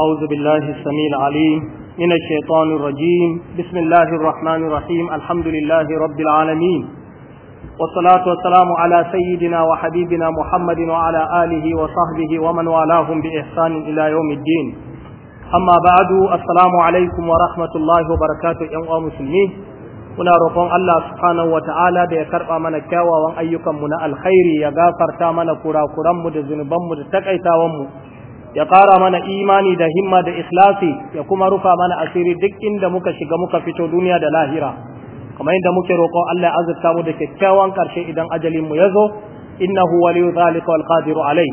أعوذ بالله السميع العليم من الشيطان الرجيم بسم الله الرحمن الرحيم الحمد لله رب العالمين والصلاة والسلام على سيدنا وحبيبنا محمد وعلى آله وصحبه ومن والاهم بإحسان إلى يوم الدين أما بعد السلام عليكم ورحمة الله وبركاته يا مسلمين muna roƙon Allah subhanahu wata'ala da ya karɓa mana kyawawan ayyukanmu na alkhairi ya gafarta mana kurakuranmu da zunubanmu da takaitawanmu ya ƙara mana imani da himma da ikhlasi ya kuma rufa mana asiri duk inda muka shiga muka fito duniya da lahira kamar yadda muke roƙo Allah ya azurta mu da kyakkyawan ƙarshe idan ajalin mu ya zo innahu waliyu zalika wal qadiru alai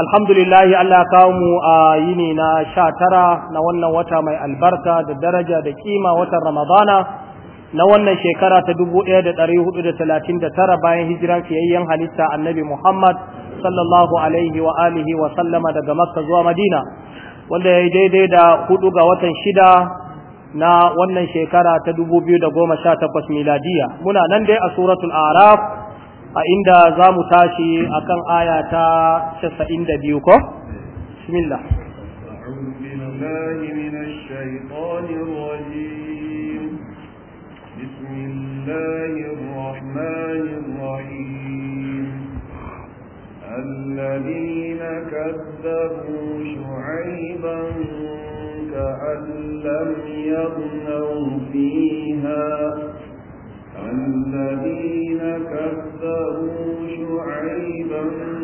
alhamdulillah Allah ya kawo mu a yini na 19 na wannan wata mai albarka da daraja da kima watan Ramadana na wannan shekara ta 1439 bayan hijiran fiyayyen halitta Annabi Muhammad sallallahu alaihi wa alihi wa sallama daga makka zuwa madina wanda ya yi daidai da hudu ga watan shida na wannan shekara ta dubu biyu da goma sha takwas miladiya muna nan dai a suratul araf a inda za mu tashi akan aya ta casa'in da biyu ko bismillah بسم الله الرحمن الرحيم الذين كذبوا شعيبا كأن لم يغنوا فيها الذين كذبوا شعيبا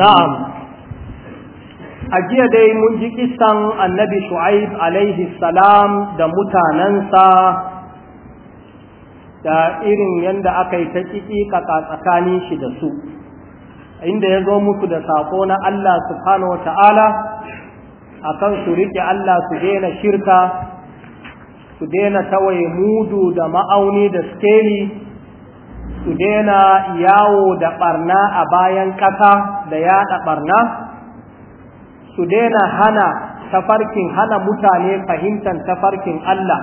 na'am a jiya dai mun ji kisan annabi shu'aib alaihi salam da mutanensa da irin yadda aka yi ta kaka tsakanin shi da su inda ya zo musu da saƙo na Allah subhanahu wa ta'ala a kan su riƙe Allah su daina shirka su daina tawaye mudu da ma'auni da skeli su daina yawo da barna a bayan ƙasa da yaɗa barna su daina hana tafarkin hana mutane fahimtar tafarkin Allah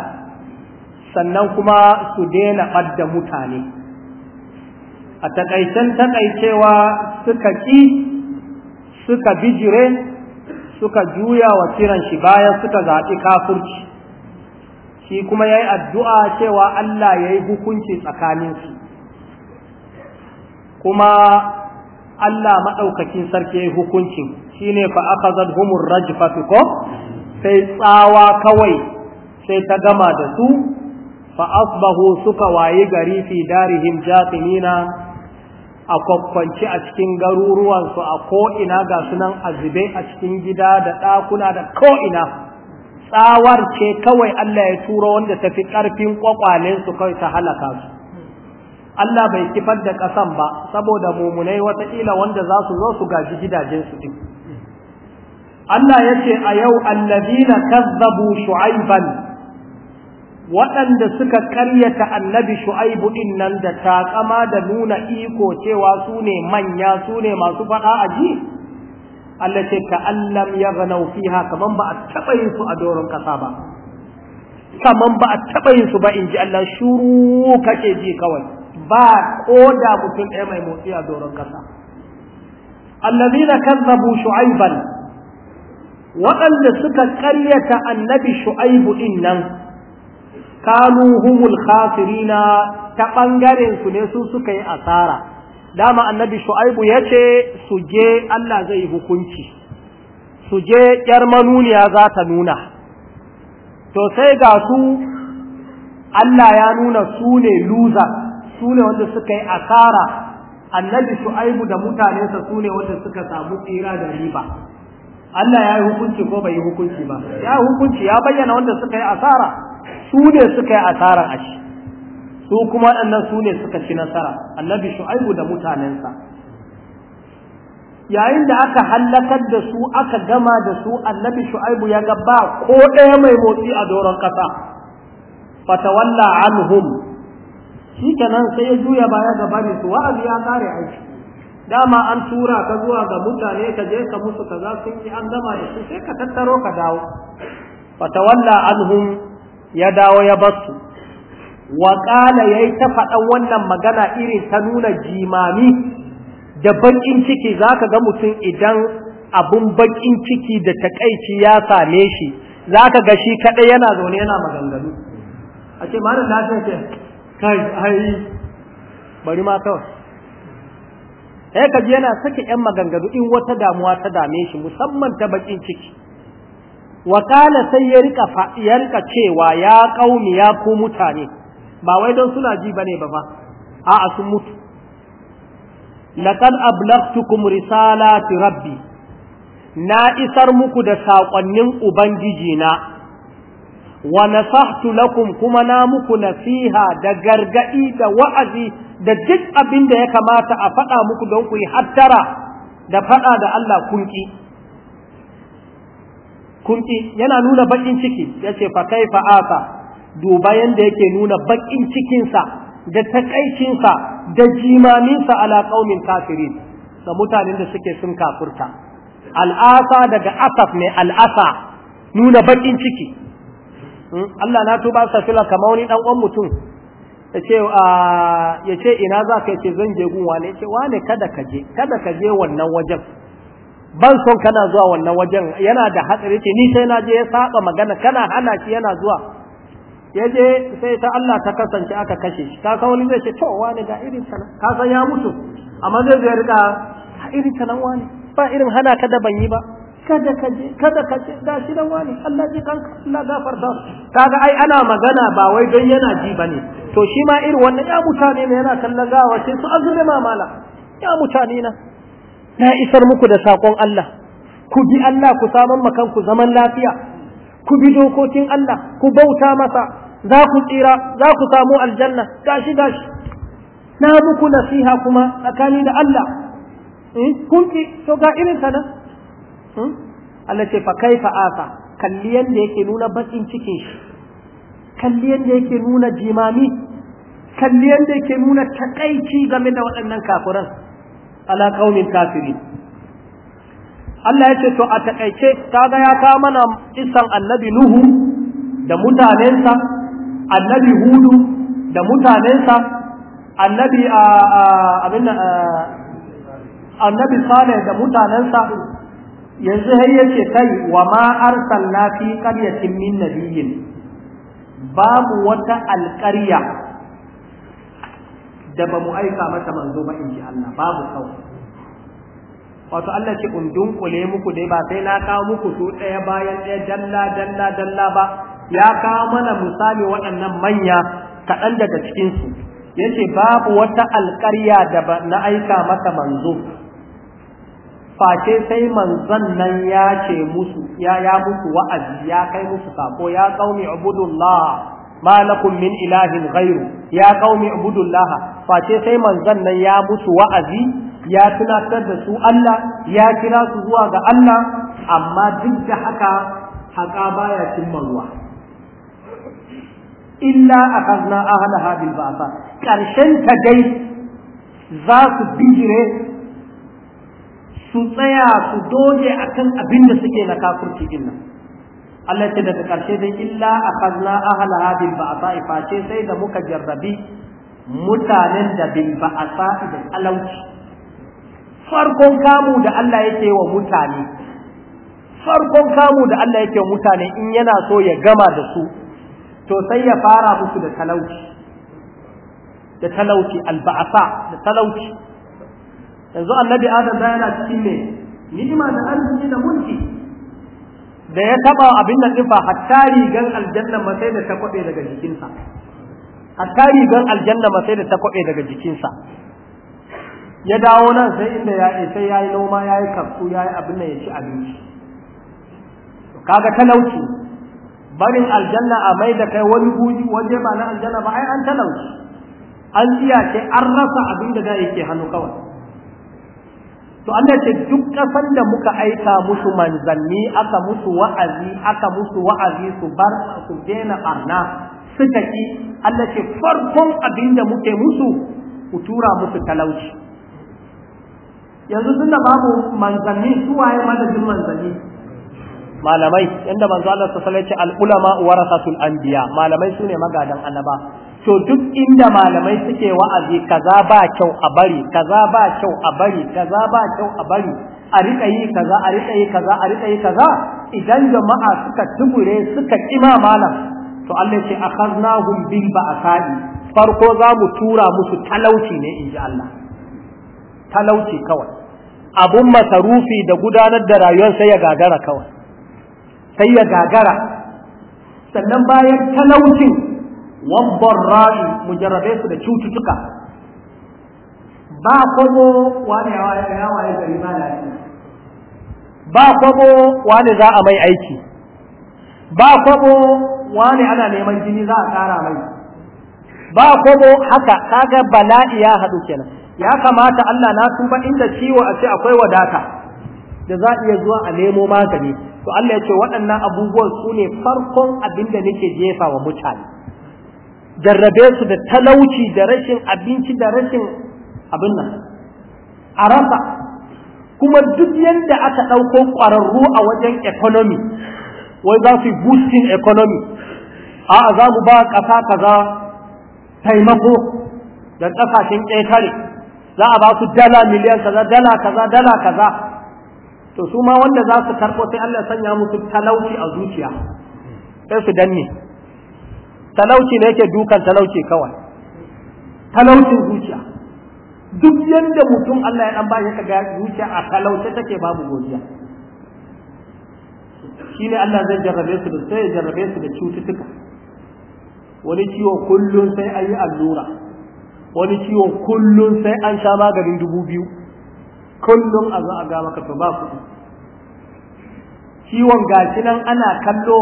sannan kuma su daina ɓadda mutane a taƙaicen taƙaicewa suka ƙi suka bijire suka juya wa kiran shi bayan suka zaɓi kafurci shi kuma ya yi addu'a cewa Allah ya yi hukunci tsakaninsu kuma Allah maɗaukakin sarki hukuncin shine fa akhazat humur rajfatu ko sai tsawa kawai sai ta gama da su fa asbahu suka wayi gari fi darihim jatimina a kwakwanci a cikin garuruwansu a ko'ina ga sunan azube a cikin gida da ɗakuna da ko'ina tsawar ce kawai Allah ya turo wanda tafi ƙarfin ƙwaƙwalensu kawai ta halaka su Allah bai kifar da ƙasan ba saboda mumunai wataƙila wanda za su zo su gaji gidajensu din Allah ya ce a yau allazina kazzabu shu'aiban waɗanda suka karyata annabi shu'aibu ɗin nan da taƙama da nuna iko cewa su ne manya su ne masu faɗa a ji Allah ce ka allam ya ganau fiha kaman ba a taɓa yin su a doron ƙasa ba kaman ba a taɓa yin su ba in ji Allah shuru kake ji kawai ba ko da mutum ɗaya mai motsi a doron ƙasa allazina kazzabu shu'aiban waɗanda suka ƙaryata annabi shu'aibu ɗin nan kanu humul khasirina ta ɓangaren su ne su suka yi asara dama annabi shu'aibu ya ce su je Allah zai hukunci su je ƴar manuniya za ta nuna to sai ga su Allah ya nuna su ne loser su ne wanda suka yi asara annabi shu'aibu da mutanensa su ne wanda suka samu tsira da riba Allah ya yi hukunci ko bai yi hukunci ba ya hukunci ya bayyana wanda suka yi asara su ne suka yi asara a shi su kuma waɗannan su suka ci nasara annabi shu'aibu da mutanensa yayin da aka hallakar da su aka gama da su annabi shu'aibu ya ga ba ko ɗaya mai motsi a doron ƙasa fatawalla anhum shi kenan sai ya juya baya ga bari su wa'azi ya kare aiki dama an tura ka zuwa ga mutane ka je ka musu kaza sun yi an gama da su sai ka tattaro ka dawo fatawalla anhum ya dawo ya basu wa qala yayi ta faɗa wannan magana irin ta nuna jimami da bakin ciki zaka ga mutum idan abun bakin ciki da takaici ya same shi zaka ga shi kaɗai yana zaune yana maganganu a ce malam lafiya ce kai ai bari ma kawai eh ka yana sake yan magangaru in wata damuwa ta dame shi musamman ta bakin ciki wakala sai ya rika ya rika cewa ya kaumi ya ku mutane ba wai don suna ji bane ba ba a'a sun mutu laqad ablaghtukum risalati rabbi na isar muku da saƙonnin ubangiji na wa nasahtu lakum kuma na muku nasiha da gargadi da wa'azi da duk abin da ya kamata a faɗa muku don ku yi hattara da faɗa da Allah kunki kunki yana nuna baƙin ciki yace fa kaifa aka duba yanda yake nuna baƙin cikinsa da takaicinsa da jimaminsa ala qaumin kafirin da mutanen da suke sun kafurta al'asa daga asaf ne al'asa nuna baƙin ciki Allah na tuba fila kamar wani dan uwan mutum ya ce ah, ina za ka ce zan je gun wane ce wane kada ka je kada ka je wannan wajen ban son kana zuwa wannan wajen yana da hatsari ce ni sai na je ya saba magana kana hana shi yana zuwa ya je sai ta Allah ta kasance aka kashe shi ka san wani zai ce to wane ga irin ta ka san ya mutu amma zai zai rika irin ta nan wane ba irin hana ka da ban yi ba kada ka je kada ka ce gashi nan wani Allah ji kanka Allah gafarta kaga ai ana magana ba wai don yana ji bane to shi ma irin wannan ya mutane ne yana kallon gawa sai su azlima mala ya mutane na na isar muku da sakon Allah ku bi Allah ku saman makan ku zaman lafiya ku bi dokokin Allah ku bauta masa za ku tsira za ku samu aljanna gashi gashi na muku nasiha kuma tsakani da Allah eh, kun ki to ga irin ta nan Hmm? Allah ce fa kaifa asa kalli yanda yake nuna bakin cikin shi kalli yanda yake nuna jimami kalli yanda yake nuna takaici game da waɗannan kafiran ala kaumin kafiri Allah ya ce to a takaice kaga ya kawo mana isan annabi Nuhu da mutanensa annabi Hudu da mutanensa annabi a abin annabi Saleh da mutanensa yanzu har yace kai wa ma arsalna fi qaryatin min nabiyyin babu wata alƙarya da ba mu aika mata manzo ba in ji Allah babu kawai wato Allah ce kun dunkule muku dai ba sai na kawo muku su ɗaya bayan ɗaya dalla dalla dalla ba ya kawo mana misali waɗannan manya kaɗan daga cikinsu yace babu wata alƙarya da na aika mata manzo face sai manzon nan ya ce musu ya ya musu wa'azi ya kai musu sako ya qaumi ubudullah ma lakum min ilahin ghairu ya qaumi ubudullah face sai manzon nan ya musu wa'azi ya tunatar da su Allah ya kira su zuwa ga Allah amma duk da haka haka baya cimma ruwa illa akhadna ahlaha bil ba'sa karshen ta dai za su bijire su tsaya su doge akan abin da suke na kafurci din nan Allah ce daga ƙarshe dai illa a akhadna ba a sa'i face sai da muka jarrabi mutanen da a sa'i da talauci farkon kamu da Allah yake wa mutane farkon kamu da Allah yake wa mutane in yana so ya gama da su to sai ya fara musu da talauci da talauci alba'asa da talauci yanzu annabi adam da yana cikin ne ni'ima da arziki da mulki da ya taba abin nan din hattari hatta rigan aljanna ma sai da ta kwabe daga jikinsa hatta rigan aljanna ma sai da ta kwabe daga jikinsa ya dawo nan sai inda ya sai yayi noma yayi kasu yayi abin nan ya ci abinci kaga talauci barin aljanna a mai da kai wani guji waje ba na aljanna ba ai an talauci an tsiya ce an rasa abin da da yake hannu kawai to Allah ce duk ƙasan da muka aika musu manzanni aka musu wa'azi aka musu wa'azi su bar su dena barna suka ki Allah ce farkon abin da muke musu ku tura musu talauci yanzu da babu manzanni su waye madadin manzanni malamai inda manzo Allah sallallahu alaihi wasallam ya ce al ulama warasatul anbiya malamai sune magadan annaba to duk inda malamai suke wa'azi kaza ba kyau a bari kaza ba kyau a bari kaza ba kyau a bari a rika yi kaza a rika yi kaza a rika yi kaza idan jama'a suka tubure suka kima malam to Allah ce akhadnahum bil ba'sa'i farko za mu tura musu talauci ne in ji Allah talauci kawai abun masarufi da gudanar da rayuwar sai ya gagara kawai sai ya gagara sannan bayan talaucin wabbarra'i mu jarrabe su da cututtuka ba kwabo wani ya waye gari ba lafiya ba kwabo wani za a mai aiki ba kwabo wani ana neman jini za a tsara mai ba kwabo haka kaga bala'i ya haɗu kenan ya kamata Allah na tuba inda ciwo a ce akwai wadata da za iya zuwa a nemo magani to Allah ya ce waɗannan abubuwan su ne farkon abin da nake jefa wa mutane jarrabe su da talauci da rashin abinci da rashin abin nan a rasa kuma duk yadda aka ɗauko ƙwararru a wajen ekonomi wai za su boosting economy a za mu ba ƙasa kaza taimako da ƙasashen ƙetare za a ba su dala miliyan kaza dala kaza dala kaza to su ma wanda za su karɓo sai Allah sanya musu talauci a zuciya sai su danne talauci ne yake dukan talauci kawai talaucin zuciya duk yadda mutum Allah ya dan bashi kaga zuciya a talauce take babu godiya shine Allah zai jarrabe su da sai jarrabe su da cututtuka wani ciwo kullun sai an yi allura wani ciwo kullun sai an sha maganin dubu biyu kullun a za a ga maka to ba kuɗi ciwon gashi nan ana kallo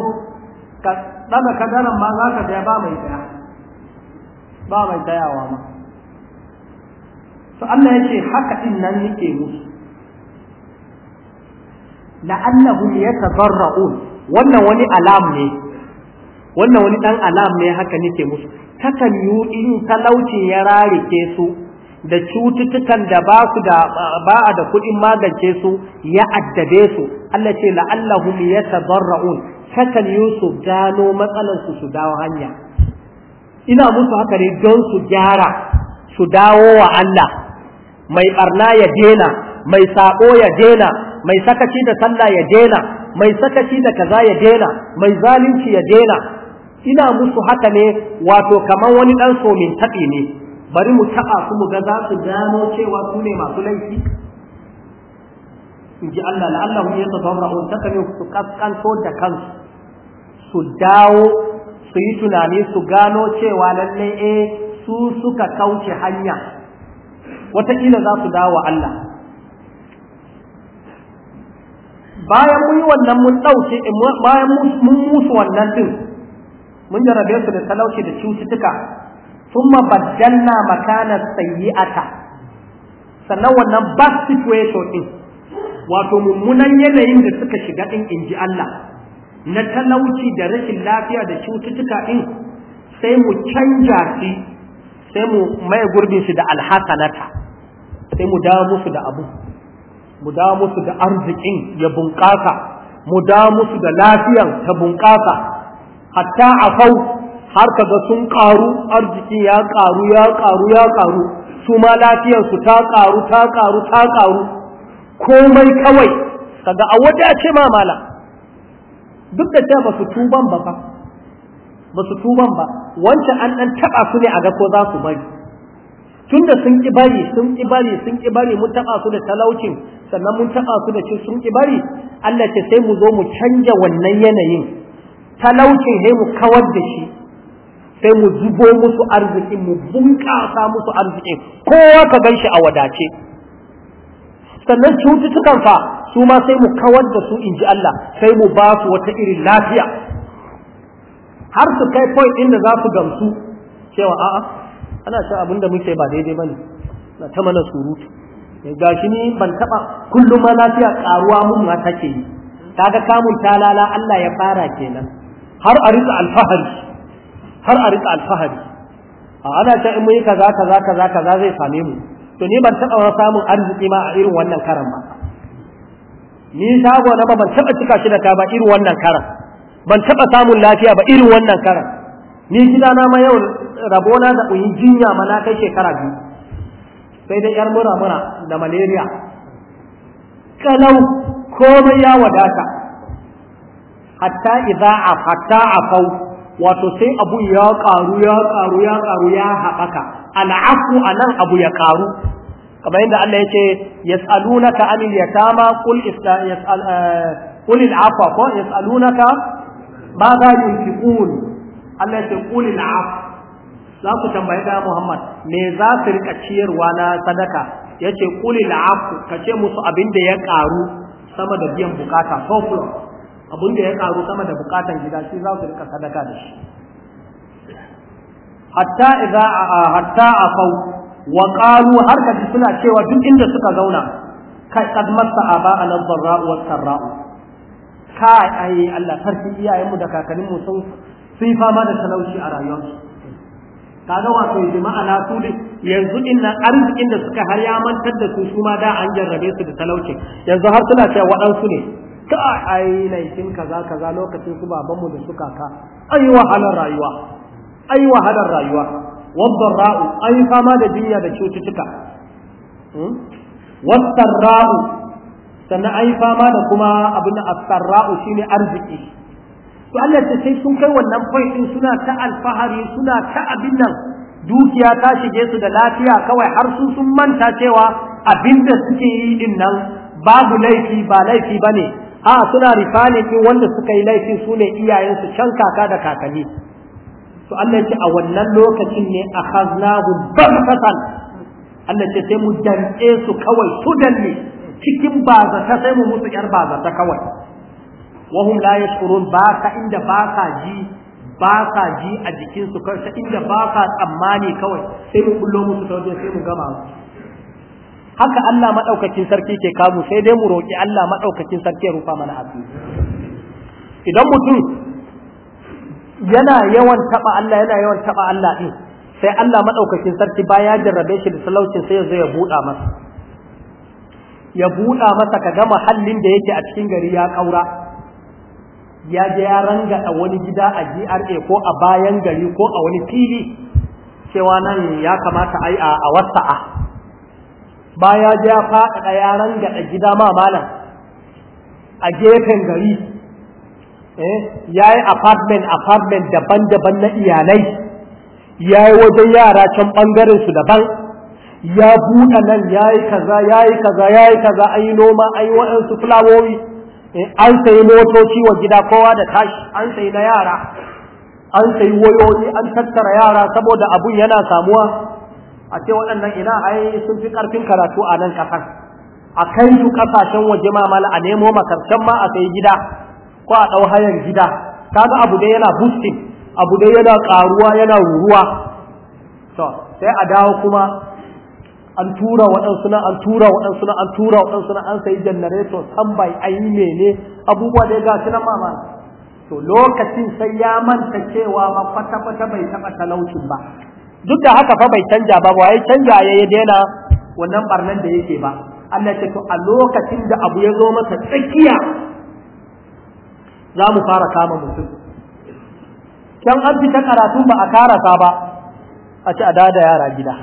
ka ɗaga ma za ka saya ba mai daya ba mai sayawa ma su Allah ya ce haka ɗin nan nike musu la'annahum yatadarra'un wannan wani alam ne wannan wani dan alam ne haka nike musu takan yu in talauci ya rarike su da cututtukan da ba su da ba a da kuɗin magance su ya addabe su Allah ce la'allahum yatadarra'un hakan Yusuf gano matsalarsu su dawo hanya ina musu haka ne don su gyara su dawo wa Allah mai ɓarna ya dena mai saƙo ya dena mai sakaci da sallah ya dena mai sakaci da kaza ya dena mai zalunci ya dena ina musu haka ne wato kamar wani dan somin taɓi ne bari mu taɓa su mu ga za su gano cewa su ne masu laifi in ji Allah la'allahu ya tabarra'un takan su kaskanto da kansu su dawo su yi tunani su gano cewa lallai eh su suka kauce hanya ila za su dawo Allah bayan mun yi wannan mun ɗauke bayan mun musu wannan din mun jarabe su da talauci da cututtuka thumma badalna makana sayyi'ata sannan wannan bad situation din wato mummunan yanayin da suka shiga din inji Allah na talauci da rashin lafiya da cututtuka in sai mu canja shi sai mu maye gurbin shi da alhasanata sai mu dawo musu da abu mu dawo musu da arzikin ya bunƙasa mu dawo musu da lafiyan ta bunƙasa hatta afau har kaga sun ƙaru arzikin ya ƙaru ya ƙaru ya ƙaru su ma lafiyansu ta ƙaru ta ƙaru ta ƙaru komai kawai kaga a wadace ma malam duk da cewa basu tuban ba fa ba tuban ba wancan an dan taba su ne a ga ko za su bari tunda sun ki bari sun ki bari sun ki bari mun taba su da talaucin sannan mun taba su da cin sun ki bari Allah ce sai mu zo mu canja wannan yanayin talaucin sai mu kawar da shi sai mu zubo musu arziki mu bunƙasa musu arziki kowa ka ganshi a wadace sannan cututtukan fa su ma sai mu kawar da su in ji Allah sai mu ba su wata irin lafiya har su kai point ɗin da za su gamsu cewa a'a ana sha abin da muke ba daidai bane na ta mana surutu eh, Ga shi ni ban taba kullum ma lafiya karuwa mun ma take yi kaga kamun talala Allah ya fara kenan har a rika alfahari har a rika alfahari a ana ta in yi kaza kaza kaza kaza zai same mu to ni ban taba samun arziki ma a irin wannan karan ba ni sabo na ban taba cika shi da ta ba irin wannan karan ban taba samun lafiya ba irin wannan karan ni na ma yau rabona da uyi jinya ma na kai shekara biyu sai dai yar mura mura da malaria kalau komai ya wadata hatta idza hatta afau wato sai abu ya karu ya karu ya karu ya haɓaka al'afu anan abu ya karu kamar yadda Allah ya ce yas'alunaka anil yatama qul yas'al eh, qul al'afwa qul yas'alunaka ma za yunfiqun Allah ya ce qul al'af za ku tambaye da Muhammad me za su rika ciyarwa na sadaka yace qul Ka ce musu abin da ya karu sama da biyan bukata surplus abin da ya karu sama da bukatan gida shi za su rika sadaka da shi hatta idza hatta afau wa qalu har ka suna cewa duk inda suka zauna kai kad masa aba alal barra wa sarra ka ai Allah farki iyayenmu da mu sun sun fama da talauci a rayuwarsu kaga wato jama'a na su yanzu din nan arzikin da suka har ya mantar da su su ma da an jarrabe su da talauci yanzu har suna cewa waɗansu ne ka ai laifin kaza kaza lokacin su babanmu da su kaka ai wahalar rayuwa ai wahalar rayuwa wadda ra'u an yi fama da jinya da cututtuka wadda ra'u sannan an yi fama da kuma abin asarra'u shine arziki to Allah ce sai sun kai wannan point suna ta alfahari suna ta abin nan dukiya ta shige su da lafiya kawai har su sun manta cewa abin da suke yi din nan babu laifi ba laifi ba ne. a suna rifani din wanda suka yi laifi su ne iyayensu can kaka da kakanni to Allah ce a wannan lokacin ne a akhaznahu baghtatan Allah ce sai mu danɗe su kawai su danne cikin bazata sai mu musu yar bazata kawai wahum la yashkurun ba ka inda ba ka ji ba ka ji a jikin su kawai inda ba ka tsammani kawai sai mu bullo musu ta sai mu gama su haka Allah madaukakin sarki ke kamu sai dai mu roki Allah madaukakin sarki ya rufa mana asiri idan mutum yana yawan taɓa Allah yana yawan taba Allah din sai Allah madaukakin sarki baya jarrabe shi da talaucin sai ya zo ya buɗa masa ya buɗa masa ka gama mahallin da yake a cikin gari ya kaura ya je ya rangada wani gida a GRA ko a bayan gari ko a wani fili cewa nan ya kamata ai a wasa'a baya je ya faɗaɗa ya rangada gida ma malam a gefen gari Eh, ya yi apartment apartment daban-daban na iyalai ya yi wajen yara can ɓangaren su daban ya buɗa nan ya yi kaza ya yi kaza ya yi kaza an noma an yi waɗansu fulawowi eh, an sayi motoci wa gida kowa da tashi an sayi na yara an sayi wayoyi an tattara yara saboda abun yana samuwa a ce waɗannan ina ai sun fi ƙarfin karatu a nan ƙasar a kai su ƙasashen waje mamala a nemo makarcan ma a sayi gida ko a ɗau hayan gida kaga abu dai yana boosting abu dai yana ƙaruwa yana ruruwa to sai a dawo kuma an tura waɗansu na an tura waɗansu na an tura waɗansu na an sayi janareto san bai ayi mene abubuwa da ga shi na mama to lokacin sai ya manta cewa ma kwata kwata bai taɓa talaucin ba duk da haka fa bai canja ba wai canja ya yi daina wannan barnan da yake ba Allah ya ce to a lokacin da abu ya zo masa tsakiya za mu fara kama mutum kyan an fita karatu ba a karasa ba a ci a yara gida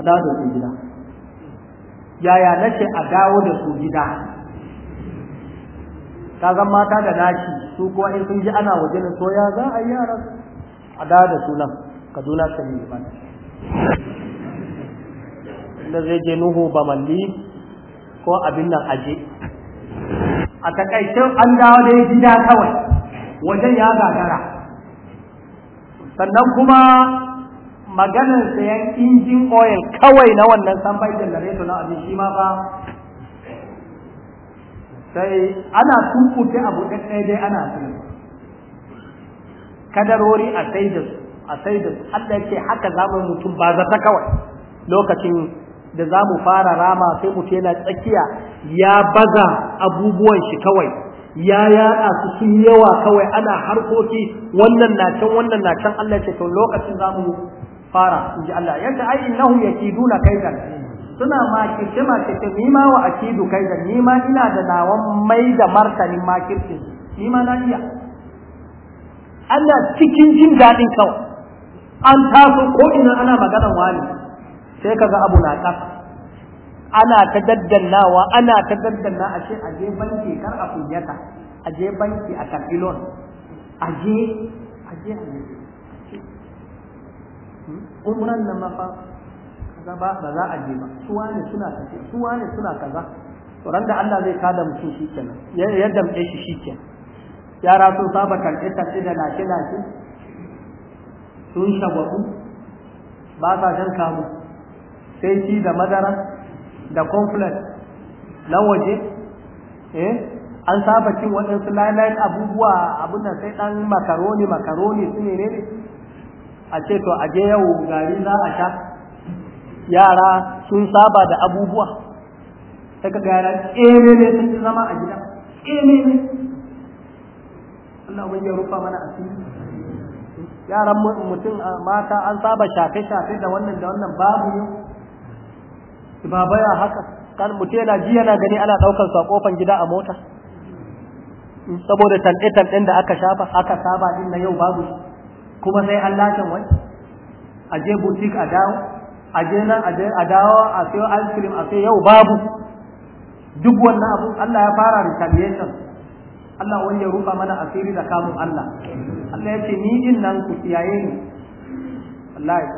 a su gida yaya na ce a dawo da su gida ka zan mata da naki su kuwa in sun ji ana waje na soya za a yi yara a dawo su nan kaduna ta yi ba da zai je nuhu ba malli ko abin nan aje a takaicin an dawo da gida kawai wajen ya gagara sannan kuma maganar sayan injin oil kawai na wannan samfai janareto na abin shi ma ba sai ana tunkuta abu ɗaya dai ana tunan kadarori a sai da su a sai da su Allah yake haka zamu mutum ba zata kawai lokacin da za mu fara rama sai mu na tsakiya ya baza abubuwan shi kawai ya yada su sun yawa kawai ana harkoki wannan na can wannan na can Allah ce to lokacin za mu fara in ji Allah yanda ai innahum yakiduna kaidan suna makirce makirce ni ma wa akidu kaidan ni ma ina da nawan mai da martanin makirce ni ma na iya Allah cikin jin daɗin kawai an taso ko ina ana maganar wani sai kaga abu na ƙasa ana ta daddannawa ana ta daddanna a ce a je banki kar a kunyata a je banki a tafilon a je a je a je umran nan mafa kaza ba ba za a je ba suwa ne suna tafi suwa ne suna kaza to da Allah zai kada mutum shi kenan ya damƙe shi shi kenan yara sun saba karɓe karɓe da lashe lashe sun shagwabu ba sa shan kamu sai shi da madara da conflict na waje eh an saba cin waɗansu lalai abubuwa abin da sai ɗan makaroni makaroni su ne ne a ce to aje yau gari za a sha yara sun saba da abubuwa sai ka gara ƙere ne sun ci zama a gida ƙere ne Allah ya rufa mana asiri yaran mutum mata an saba shafe-shafe da wannan da wannan babu ba baya haka kan mutum yana ji yana gani ana daukar su a kofan gida a mota saboda tanɗe tanɗen da aka shafa aka saba din na yau babu kuma sai an lashin wai a je butik a dawo a je nan a je a dawo a sayo ice cream a sayo yau babu duk wannan abu Allah ya fara retaliation Allah wani ya rufa mana asiri da kamun Allah Allah ya ce ni din nan ku kiyaye ni wallahi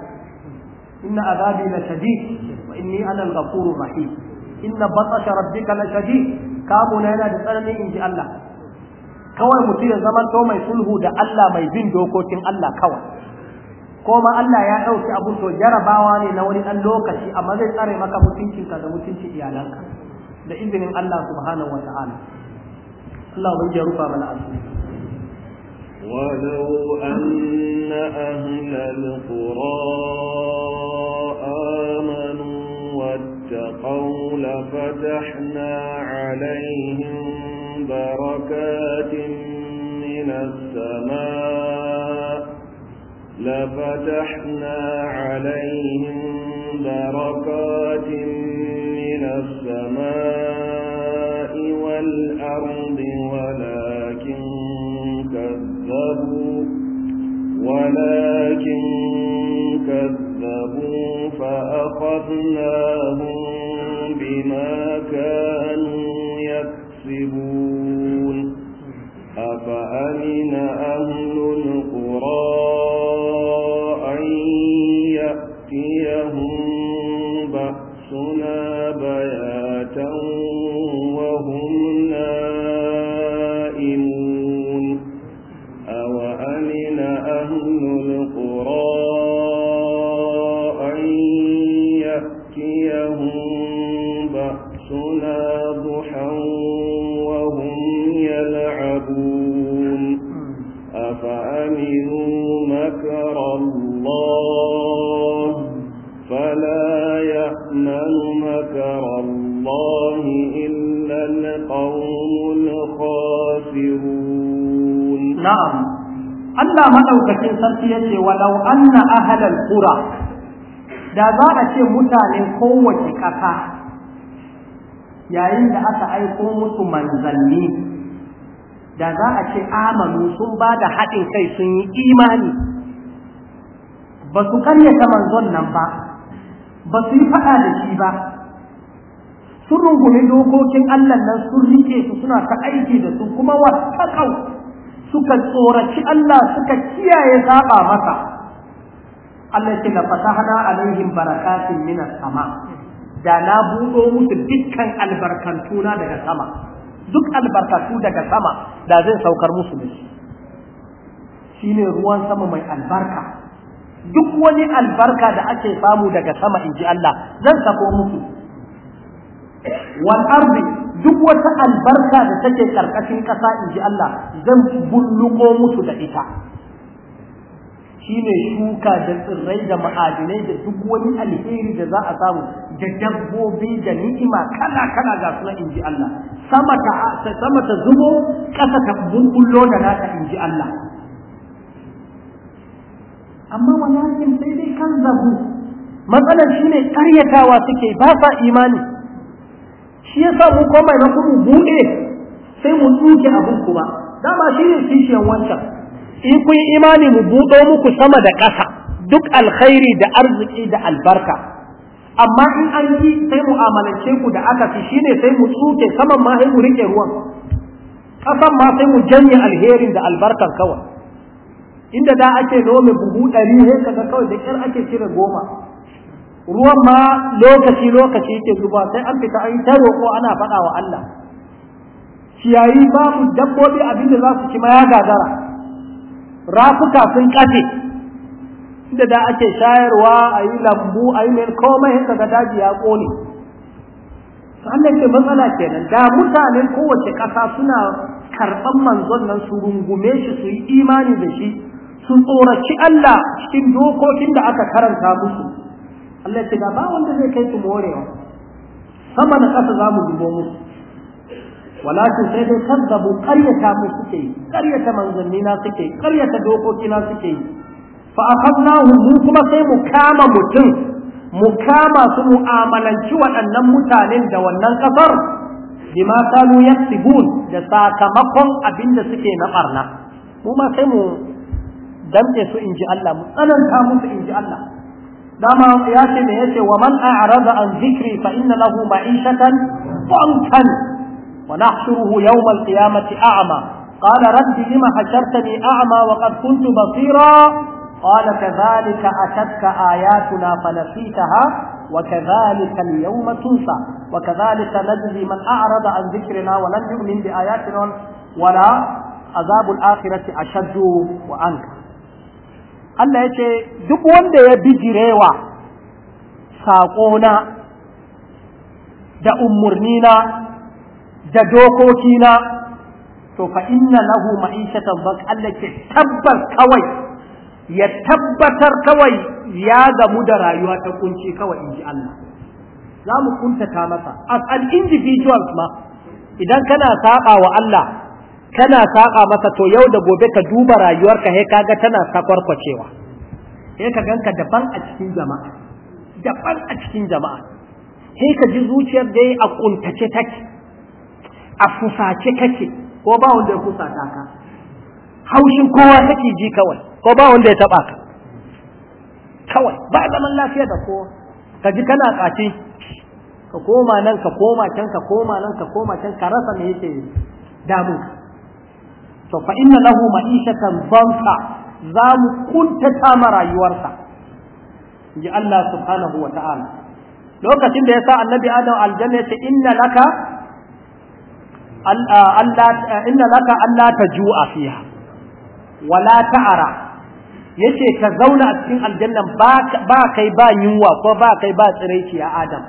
inna azabi la shadid inni ana al-ghafurur rahim inna batsha rabbika la shadid na yana da tsananin ji Allah kawai mutum ya zama to mai sulhu da Allah mai bin dokokin Allah kawai ko ma Allah ya dauki abun to jarabawa ne na wani dan lokaci amma zai tsare maka mutuncinka da mutuncin iyalanka da izinin Allah subhanahu wa ta'ala Allah ubangiji ya rufa mana asiri ولو أن أهل القرى آمنوا واتقوا لفتحنا عليهم بركات من السماء لفتحنا عليهم بركات من السماء والأرض ولكن كذبوا ولكن كذبوا فأخذناهم كانوا يكسبون أفأمن na'am Allah madaukakin sarki yace walau anna ahlal kura. da za a ce mutanen kowace ƙasa yayin da aka aiko musu manzanni da za a ce amanu sun ba da haɗin kai sun yi imani ba su karyata manzon nan ba ba su yi faɗa da shi ba sun rungumi dokokin Allah nan sun rike su suna ta aiki da su kuma wasu suka tsoraci Allah suka kiyaye zaɓa masa Allah ce na fatahana alaihim barakatun as sama da na buɗo musu dukkan na daga sama duk albarkatu daga sama da zai saukar musu ne. shi shine ruwan sama mai albarka duk wani albarka da ake samu daga sama in ji Allah zan sako musu wal ardi duk wata albarka da take karkashin ƙasa in ji Allah zan bulluko musu da ita Shi ne shuka da tsirrai da ma'adinai da duk wani alheri da za a samu da dabbobi da ni'ima kala kala ga suna in ji Allah sama ta sama ta zubo ƙasa ta bulbullo da nata in ji Allah amma walakin sai dai kan zabu matsalar shi ne karyatawa suke ba sa imani shi yasa mu koma na kudu buɗe sai mu tsuke abin kuma dama shi ne kishiyan wancan in kun imani mu buɗo muku sama da ƙasa duk alkhairi da arziki da albarka amma in an yi sai mu amalance ku da aka fi shine sai mu tsuke saman ma sai mu rike ruwan ƙasan ma sai mu janye alherin da albarkan kawai inda da ake nome buhu ɗari sai kaga kawai da ƙyar ake cire goma ruwan ma lokaci lokaci yake zuba sai an fita an ta roƙo ana faɗa wa Allah ciyayi babu dabbobi abinda za su ci maya ya gagara rafuka sun kafe inda da ake shayarwa a yi lambu a yi mai komai hinka ga daji ya ƙone sannan ke matsala kenan da mutanen kowace ƙasa suna karɓan manzon nan su rungume shi su yi imani da shi sun tsoraci Allah cikin dokokin da aka karanta musu Allah ce ga ba wanda zai kai su morewa sama da ƙasa za mu dubo musu walakin sai dai kazzabu ƙaryata mu suke yi ƙaryata manzanni na suke yi ƙaryata dokoki na suke yi fa akhadnahu mu kuma sai mu kama mutum mu kama su mu'amalanci waɗannan mutanen da wannan ƙasar bima kanu yaksibun da sakamakon abin da suke na barna mu ma sai mu damƙe su in ji Allah mu tsananta musu in ji Allah dama ya ce me yace wa man a'rada an zikri fa inna lahu ma'ishatan dankan wa nahshuruhu yawm al-qiyamati a'ma qala rabbi lima hashartani a'ma wa qad kuntu basira qala kadhalika atatka ayatuna fanasitaha wa kadhalika al-yawma tunsa wa kadhalika najzi man a'rada an dhikrina wa lam yu'min bi ayatina wala azabul akhirati ashaddu wa anka Allah ya ce duk wanda ya bijirewa saƙona da umarnina da dokokina to fa inna lahu ma'ishatan bak Allah ke tabbas kawai ya tabbatar kawai ya gamu da rayuwa ta kunci kawai inji Allah za mu kuntata masa as an individuals ma idan kana saƙa wa Allah kana saƙa masa to yau da gobe ka duba rayuwarka he kaga tana sakwarkwacewa he ka ganka daban a cikin jama'a daban a cikin jama'a he ka ji zuciyar dai a kuntace take a fusace kake ko ba wanda ya fusata ka haushin kowa kake ji kawai ko ba wanda ya taba ka kawai ba zaman lafiya da kowa ka ji kana kaci ka koma nan ka koma can ka koma nan ka koma can ka rasa me yake damu to fa inna lahu ma'ishatan banka za mu kuntata ma rayuwarsa ji Allah subhanahu wa ta'ala lokacin da ya sa annabi adam aljanna ya ce inna laka inna laka Allah ta ju'a fiha wala ta'ara yace ka zauna a cikin aljanna ba kai ba yunwa ko ba kai ba tsiraici a adam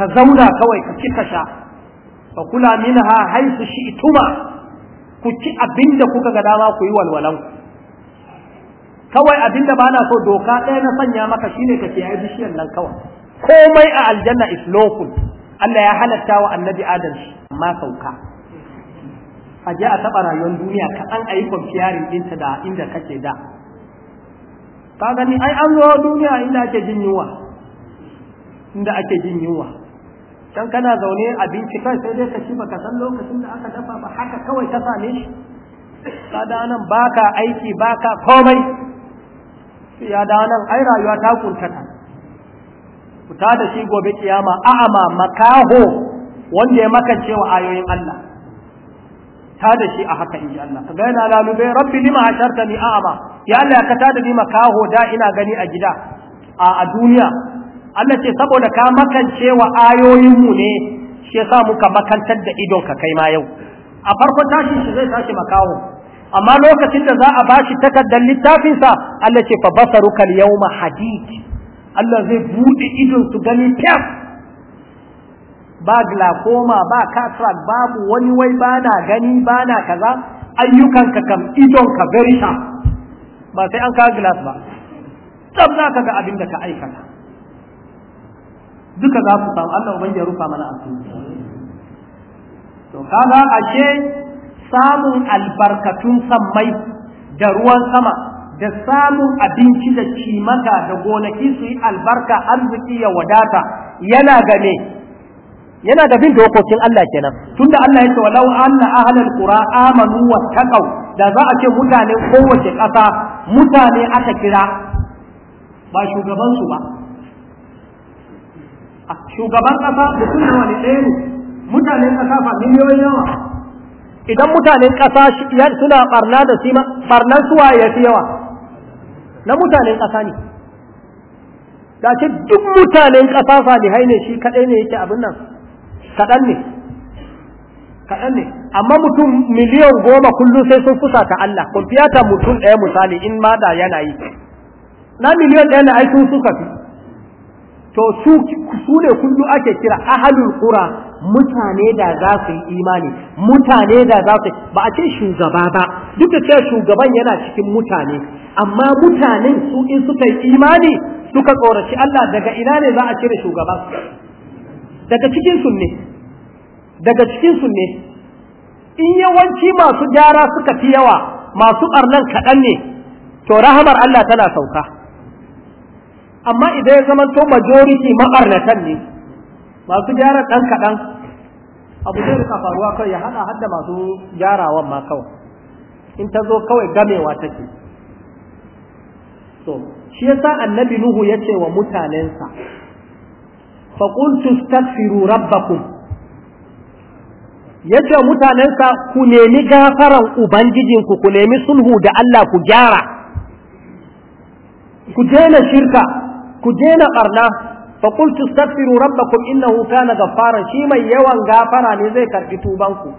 ka zauna kawai ka cika sha fa kula minha haythu shi'tuma ku ci abin da kuka ga dama ku yi walwalan kawai abin da bana so doka ɗaya na sanya maka shine ka ce yayi bishiyar nan kawai komai a aljanna is lawful Allah ya halatta wa annabi Adam shi amma sauka a je a taɓa rayuwar duniya ka a yi kwamfiyarin ɗinta da inda kake da ka gani ai an zo duniya inda ake jin yunwa inda ake jin yunwa dan kana zaune abinci kai sai dai ka shi baka san lokacin da aka dafa ba haka kawai ka same shi kada nan baka aiki baka komai ya da nan ai rayuwa ta kuntata fita da shi gobe kiyama a'ama makaho wanda ya maka cewa ayoyin Allah ta da shi a haka inji Allah ka gaina lalube rabbi lima ashartani a'ama ya Allah ka tada ni makaho da ina gani a gida a duniya Allah ce saboda ka makance wa ayoyinmu ne shi yasa muka makantar da idon ka kai ma yau a farkon tashin shi zai tashi makawo amma lokacin da za a bashi takardar littafinsa Allah ce fa basaruka al-yawma hadid Allah zai bude idon su gani fiyaf ba glaucoma ba cataract babu wani wai bana gani bana kaza ayyukanka kam idon ka very ba sai an ka glass ba tsab za ka ga abin da ka aikata duka za su samu Allah ubangiji ya rufa mana asiri to kaga ashe samun albarkatun sammai da ruwan sama da samun abinci da cimaka da gonaki su yi albarka arziki ya wadata yana ga me yana da bin dokokin Allah kenan tunda Allah ya ce walau anna ahlal qura amanu wattaqau da za a ce mutane kowace ƙasa mutane aka kira ba shugaban su ba shugaban kasa da nawa ne ɗaya ne mutanen kasa fa miliyoyin yawa idan mutanen kasa suna barna da sima barnan suwa ya fi yawa na mutanen kasa ne da ce duk mutanen kasa fa ne shi kaɗai ne yake abin nan kaɗan ne kaɗan ne amma mutum miliyan goma kullum sai sun kusa ta Allah kun fiyata mutum ɗaya misali in ma da yana yi na miliyan ɗaya na aikin suka fi to su su ne kullu ake kira ahalul qura mutane da za su yi imani mutane da za su ba a ce shugaba ba duk da cewa shugaban yana cikin mutane amma mutanen su in suka yi imani suka tsoraci Allah daga ina ne za a cire shugaban daga cikin su ne daga cikin su ne in yawanci masu gyara suka fi yawa masu ɓarnan kaɗan ne to rahamar Allah tana sauka amma idan ya zamanto majority ma'arnatan ne masu gyara dan kadan abu zai rika faruwa kawai ya hada hadda masu gyarawan ma kawai in ta zo kawai gamewa take so shi yasa annabi nuhu ya ce wa mutanensa qultu astaghfiru rabbakum ya ce mutanensa ku nemi gafaran ubangijinku ku nemi sulhu da Allah ku gyara ku daina shirka ku daina barna fa qultu astaghfiru rabbakum innahu kana ghaffara shi mai yawan gafara ne zai karbi tuban ku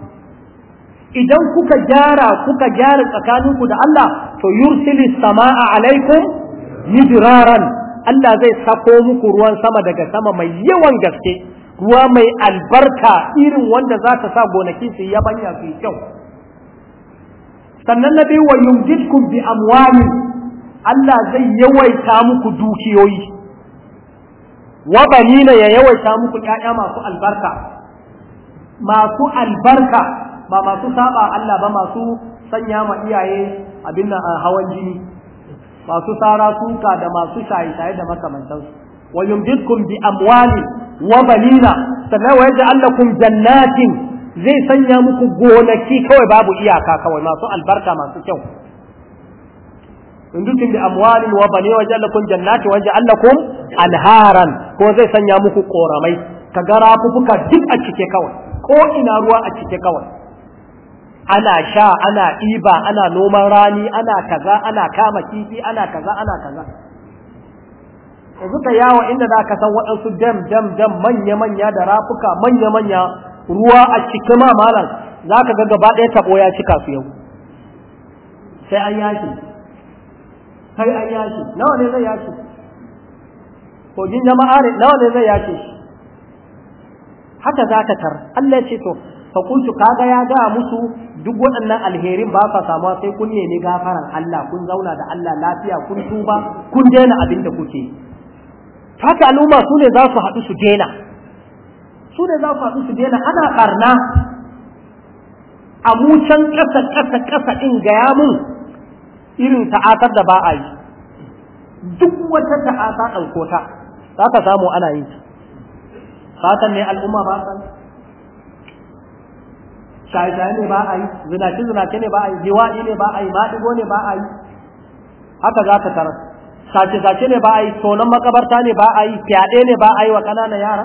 idan kuka gyara kuka gyara tsakaninku da Allah to yursilis samaa alaikum mijraran Allah zai sako muku ruwan sama daga sama mai yawan gaske ruwa mai albarka irin wanda za ta sa gonaki su yabanya su kyau sannan na biyu wa yumjidkum bi amwali Allah zai yawaita muku dukiyoyi wa banina ya yawaita muku ƴaƴa masu albarka masu albarka ba masu saba Allah ba masu sanya ma iyaye abin nan ah, hawan jini masu sara suka da masu shaye-shaye da su wa yumdidkum bi amwali wa banina sannan wa yaj'al lakum jannatin zai sanya muku gonaki kawai babu iyaka kawai masu albarka masu kyau yumdidkum bi amwali wa banina wa yaj'al lakum jannatin wa yaj'al lakum anharan ko zai sanya muku koramai ka ga rafufuka duk a cike kawai ko ina ruwa a cike kawai ana sha ana iba ana noman rani ana kaza ana kama kifi ana kaza ana kaza yanzu ka yawo inda za ka san waɗansu dam dam dam manya manya da rafuka manya manya ruwa a cike ma malam za ka ga gaba ɗaya taɓo ya cika su yau sai an yashi sai an yashi nawa ne zai yashi kogin jama'a ne nawa ne zai yace shi haka za ka tar Allah ce to fa kuntu kaga ya ga musu duk waɗannan alherin ba sa samuwa sai kun nemi gafaran Allah kun zauna da Allah lafiya kun tuba kun daina abin da kuke haka al'umma su ne za su haɗu su daina su ne za su haɗu su daina ana ɓarna. a mucan ƙasa ƙasa ƙasa ɗin gaya mun irin ta'atar da ba a yi duk wata ta'ata ɗauko ta za ka samu ana yi fatan ne al'umma ba san shaye-shaye ne ba a yi zinace-zinace ne ba a yi ne ba a yi maɗigo ne ba a yi haka za ka tarar sace-sace ne ba a yi tonon makabarta ne ba a yi fyaɗe ne ba a yi wa ƙananan yara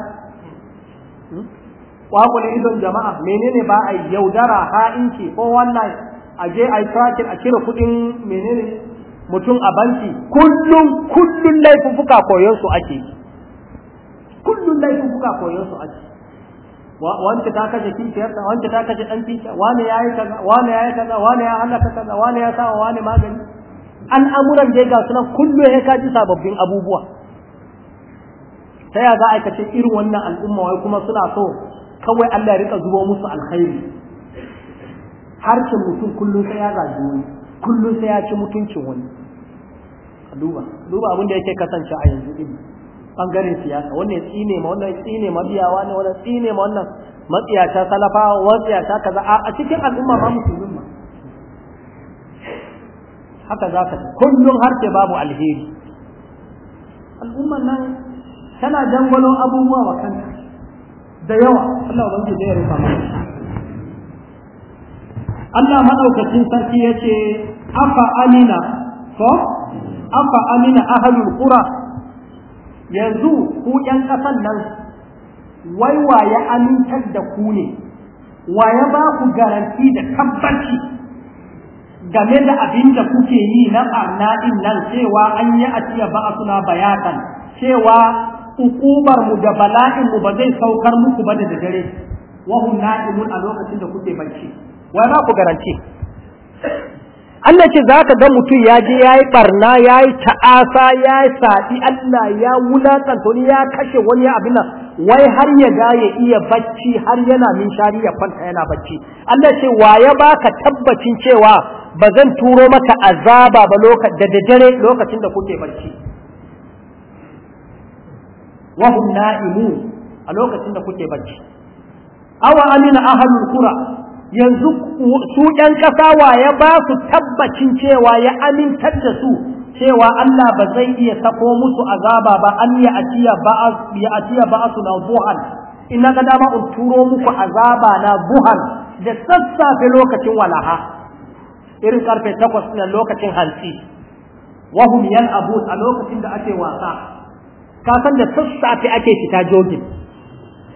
kwakule hmm? idon jama'a menene ba a yi yaudara ha'inci ko wannan a je a yi tracking a kira kuɗin menene mutum a banki kullum kullum laifuka koyon su ake yi kullun laifin kuka koyon su aji wanda ta kashe kishiyarta wanda ta kashe dan kishiya wani yayi kaza wani yayi kaza wani ya halaka kaza wani ya sa wani magani An amuran dai ga sunan kullu ya kaji sababbin abubuwa ta ya za a aikace irin wannan al'umma wai kuma suna so kawai Allah ya rika zuwa musu alkhairi ce mutum kullum sai ya zaji wani kullum sai ya ci mutuncin wani duba duba abin da yake kasance a yanzu din bangaren siyasa wannan ya tsine ma wannan ya tsine ma biyawa ne wannan tsine ma wannan matsiyata salafawa matsiyata kaza a cikin al'umma ba musulmin ma haka za ka kullum har ke babu alheri al'umman nan tana dangwalon abubuwa wa kanta da yawa Allah ba zai rufa mana Allah madaukakin sarki yace afa amina ko afa amina ahlul qura yanzu ku ƴan ƙasan nan wai wa ya amintar da ku ne wa ya ba ku garanti da tabbaci game da abin da kuke yi na ɓarna ɗin nan cewa an yi a ciya ba suna bayatan cewa ukubar mu da bala'in mu ba zai saukar muku ba da dare Wahun na'imun a lokacin da kuke barci wai ba ku garanti Allah ce za ka ga mutum ya je ya yi ɓarna ya yi ta'asa ya yi saɗi Allah ya wula wani ya kashe wani abin nan wai har ya ga ya iya bacci har yana min shari ya kwanta yana bacci Allah ce wa ya baka tabbacin cewa ba zan turo maka azaba ba da dare lokacin da kuke bacci wa hum a lokacin da kuke bacci awa amina ahlul qura yanzu su ɗan ƙasa wa ya ba su tabbacin cewa ya amintar da su cewa Allah ba zai iya sako musu azaba ba an ya atiya ba ya atiya su na buhan inna ka dama in turo muku azaba na buhan da sassafe lokacin walaha irin karfe takwas na lokacin hantsi wahum yan abu a lokacin da ake wasa ka san da sassafe ake fita jogin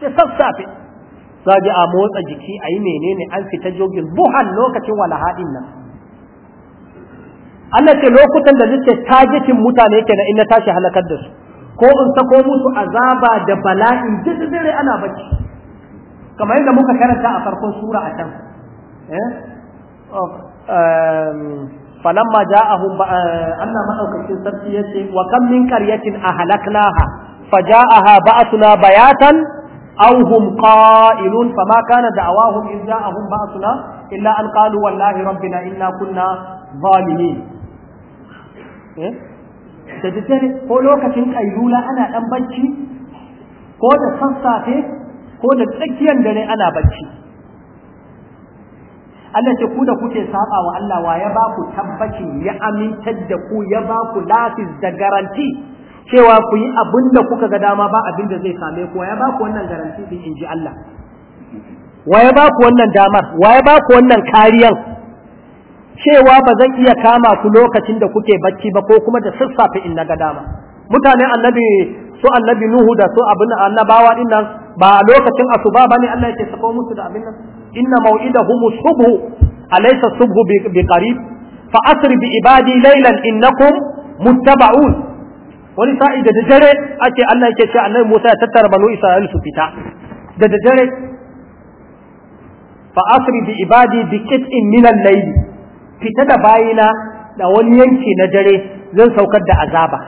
da sassafe za ji a motsa jiki a yi menene an fita jogin buhan lokacin walahadin nan Allah ce lokutan da nake tagetin mutane kenan in na tashi halakar da su ko in sako musu azaba da bala'in dare ana bacci kamar yadda muka karanta a farkon sura a can eh? um, falamma ja'ahum eh, Allah madaukakin sarki ce wa kan min qaryatin ahlaknaha faja'aha ba'athuna bayatan aw hum qa'ilun fama kana da'awahum in ja'ahum ba'suna illa an qalu wallahi rabbina inna kunna zalimin da daddare ko lokacin kailula ana dan bacci ko da sassafe ko da tsakiyar dare ana bacci Allah ce ku da kuke saba wa Allah wa ya ba ku tabbacin ya amintar da ku ya ba ku da garanti cewa ku yi abin da kuka ga dama ba abin da zai same ku ya ba ku wannan garanti din inji Allah wa ya ba ku wannan damar wa ya ba ku wannan kariyan cewa ba zan iya kama ku lokacin da kuke bacci ba ko kuma da sassafe in na ga dama mutane annabi su annabi nuhu da su abin annabawa din nan ba lokacin asuba bane Allah yake sako musu da abin nan inna maw'idahum subhu alaysa subhu biqarib fa asri bi ibadi laylan innakum muttaba'un wani sa'i da dare ake Allah yake ce annabi Musa ya tattara banu Isra'il su fita da dare fa asri bi ibadi bi qit'in min al-layl fita da bayina da wani yanki na dare zan saukar da azaba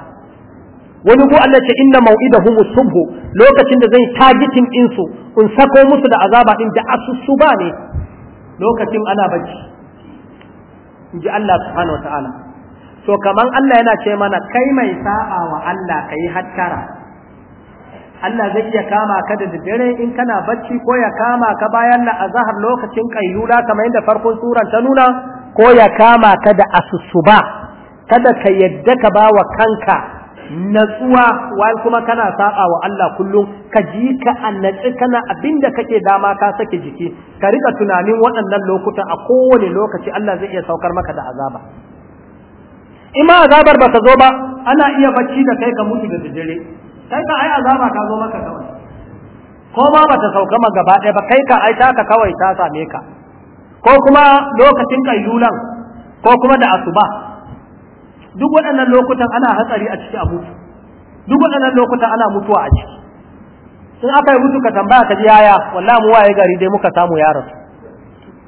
wani ko Allah ce inna mau'idahum as-subh lokacin da zan targeting din su in sako musu da azaba din da asusuba ne lokacin ana bacci in ji Allah subhanahu wa ta'ala to kaman Allah yana ce mana kai mai sa'a wa Allah kai hattara Allah zai iya kama ka da dare in kana bacci ko ya kama ka bayan la azhar lokacin kayyula kamar yadda farkon suran ta nuna ko ya kama ka da asusuba kada ka yadda ka ba wa kanka natsuwa wal kuma kana sa'a wa Allah kullum ka ji ka annaci kana abinda kake dama ka sake jiki ka rika tunanin waɗannan lokuta a kowane lokaci Allah zai iya saukar maka da azaba in ma azabar ba ta zo ba ana iya bacci da kai ka mutu da tijire kai ka ai azaba ka zo maka kawai ko ma ba ta sauka ma gaba ɗaya ba kai ka ai ka kawai ta same ka ko kuma lokacin kailulan ko kuma da asuba duk waɗannan lokutan ana hatsari a ciki a mutu duk waɗannan lokutan ana mutuwa a ciki sun aka yi mutu ka tambaya ka ji yaya wallahi mu waye gari dai muka samu yaron